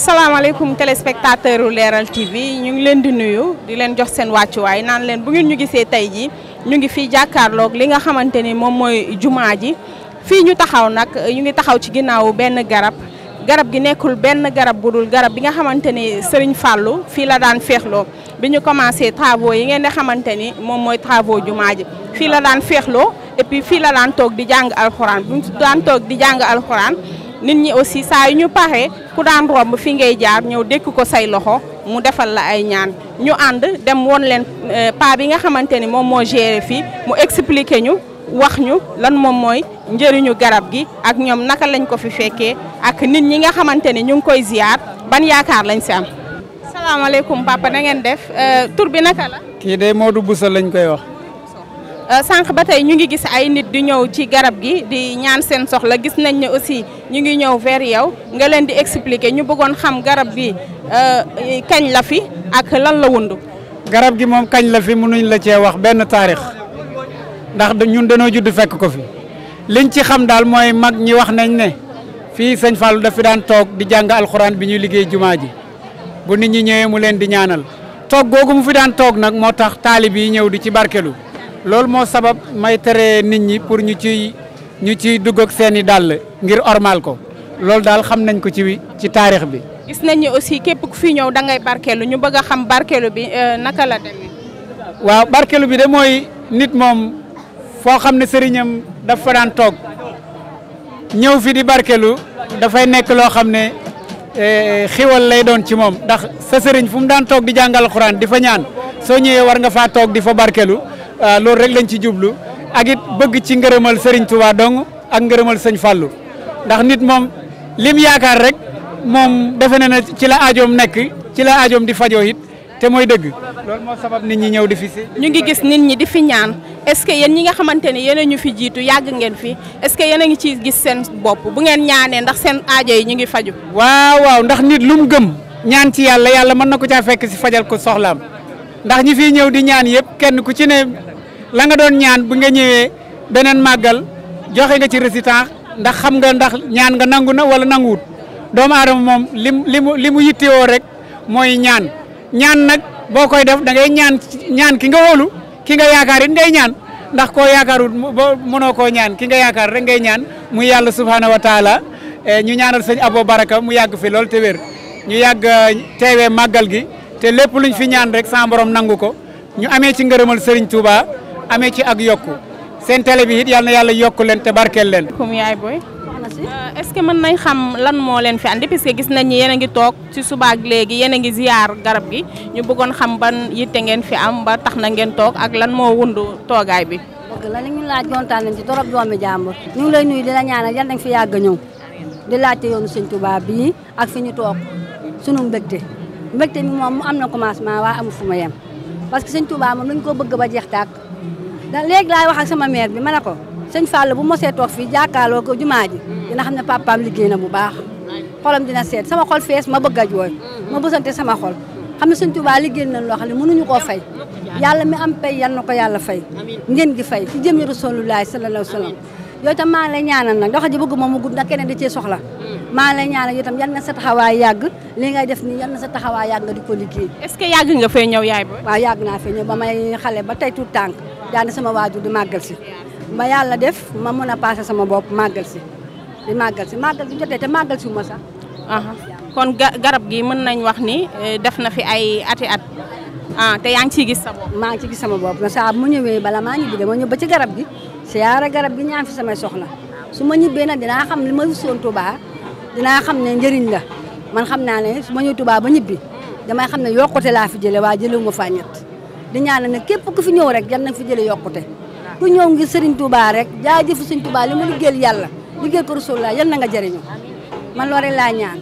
salaamaaleykum téléspectateur leeral Leral TV ñu ngi leen di nuyu di leen jox seen wàccuwaay naan leen bu ngeen ñu gisee tey jii ñu ngi fii jàkkaarloog li nga xamante ni moom mooy jumaa ji fii ñu taxaw nag ñu ngi taxaw ci ginnaawu benn garab garab gi nekkul benn garab bu dul garab bi nga xamante ni Serigne Fallou fii la daan feexloo bi ñu commencé travaux yi ngeen di xamante ni moom mooy travaux jumaa ji fii la daan feexloo et puis fii la daan toog di jàng alxuraan bu daan di jàng alxuraan nit ñi aussi saa yu ñu paree ku daan romb fi ngay jaar ñëw dékk ko say loxo mu defal la ay ñaan ñu ànd dem woon leen euh, pa bi nga xamante ni moom moo géré fii mu expliqué ñu wax ñu lan moom mooy njëriñu garab gi ak ñoom naka lañ ko fi fekkee ak nit ñi nga xamante ni ñu ngi koy ziyaar ban yaakaar lañ si am. salaamaaleykum papa na ngeen def euh, tur bi naka la. kii de Modou Boussa lañ koy wax. Euh, sànq ba tey ñu ngi gis ay nit di ñëw ci garab gi di ñaan seen soxla gis nañ ne aussi ñu ngi ñëw vers yow nga leen di expliquer ñu bëggoon xam garab gi euh, kañ la fi ak lan la wundu garab gi moom kañ la fi mënuñ la cee wax benn taarix ndax ñun dañoo judd fekk ko fi liñ ci xam daal mooy mag ñi wax nañ ne fii sëñ Fallou daf daan toog di jàng alxuraan bi ñuy liggéey jumaa ji bu nit ñi ñëwee mu leen di ñaanal toog googu mu fi daan toog nag moo tax taalib yi ñëw di ci barkelu loolu moo sabab may tere nit ñi pour ñu ciy ñu ciy dugg ak seen dàll ngir ormal ko loolu daal xam nañ ko ci ci taarix bi. gis nañ ni aussi képp ku fi ñëw dangay ngay barkeelu ñu bëgg a xam barkeelu bi euh, naka la waaw barkeelu bi de mooy nit moom foo xam ne sëriñam daf daan toog ñëw fi di barkeelu dafay nekk loo xam ne euh, xiwal lay doon ci moom ndax sa sëriñ fu mu daan toog di jàngal xuraan di fa ñaan soo ñëwee war nga faa toog di fa barkeelu. Euh, loolu rek lañ ci jublu ak it bëgg ci ngërëmal Serigne Touba dong ak ngërëmal sëñ Fallou ndax nit moom lim yaakaar rek moom defe na ne ci la aajoom nekk ci la aajoom di fajoo it te mooy dëgg loolu moo sabab nit ñi ñëw di fi ñu ngi gis nit ñi di fi ñaan est-ce que yéen ñi nga xamante ni yéen ñu fi jiitu yàgg ngeen fi est-ce que yéen a ngi ciy gis seen bopp bu ngeen ñaanee ndax seen aajo yi ñu ngi faju waaw waaw ndax nit lu mu gëm ñaan ci yàlla yàlla mën na ko caa fekk si fajal ko soxlaam. ndax ñi fi ñëw di ñaan yëpp kenn ku ci ne la nga doon ñaan bu nga ñëwee beneen màggal joxe nga ci résultat ndax xam nga ndax ñaan nga nangu na wala nanguwut doomu aadama moom li mu li mu li mu rek mooy ñaan ñaan nag boo koy def dangay ngay ñaan ñaan ki nga wóolu ki nga yaakaar it ngay ñaan ndax koo yaakaarut ba mënoo koo ñaan ki nga yaakaar rek ngay ñaan mu yàlla subhaanahu wa taala eh, ñu ñaanal sëñ Abo Baraka mu yàgg fi lool te wér ñu yàgg eh, teewee màggal gi. te lépp luñ fi ñaan rek sa borom nangu ko ñu amee ci ngërëmal Serigne Touba amee ci ak yokk seen télé bi it yal na yàlla yokku leen te barkeel leen. comme yaay booy. Euh, est-ce que mën nañ xam lan moo leen fi andi parce que gis nañ ni yéen a ngi toog ci suba ak léegi yéen a ngi ziar garab gi ñu bëggoon xam ban yitte ngeen fi am ba tax na ngeen toog ak lan moo wundu toogaay bi. dëgg la li ñu laaj kontaan nañ ci torop doomi jàmbur ñu ngi lay nuyu di la ñaanal yal nañ fi yàgg ñëw di laajte yoonu Sëñ Tuubaa bii ak fi ñu toog sunu mbégte. mbégte mi moom mu am na commencement waa amu fu ma yem parce que sëñ Touba moom lañ ko bëgg ba jeex tàkk da léegi laay wax ak sama maire bi ma ne ko sëñ Fall bu mosee toog fii jàkkaarloo ko jumaa ji dina xam ne papaam liggéey na bu baax xolam dina seet sama xol fees ma bëgg a jooy ma bësante sama xol xam ne sëñ Touba liggéey nañ loo xam ne mënuñu koo fay yàlla mi am pay yal na ko yàlla fay ngeen gi fay ci jëmi Rasulullahi sallallahu alayhi wa sallam yow itam maa ngi lay ñaanal nag doxa ji bëgguma mu gudd ndax keneen da cee soxla maa ngi lay ñaanal yow itam yal na sa taxawaay yàgg li ngay def nii yal na sa taxawaay yàgg nga di ko liggéey est-ce que yàgg nga fee ñëw yaay booy waaw yàgg naa fee ñëw ba may xale ba tey tuut tànk daana sama waajur di màggal si ma yàlla def ma mën a passé sama bopp màggal si di màggal si màggal bi jotee te màggal si ma sax kon garab gi mën nañ wax ni eh, def na fi ay ati at ah te yaa ngi ciy gis sa maa ngi ciy gis sama bopp saa bu ma ñëwee bala ma ñibbi dama ñëw ba ci garab gi siyaara garab gi ñaan fi samay soxla su ma ñibbee di dinaa xam li ma gisoon Touba dinaa xam ne njëriñ la man xam naa ne su ma ñëw Touba ba ñibbi damay xam ne yokkute laa fi jëlee waa jëlewu ma faa ñett di ñaanal na képp ku fi ñëw rek yal na fi jëlee yokkute ku ñëw ngir Serigne Touba rek jaajëf Serigne Touba li ma liggéeyal yàlla liggéeyal ko Rasulullah yal na nga jëriñu man loolu laa ñaan.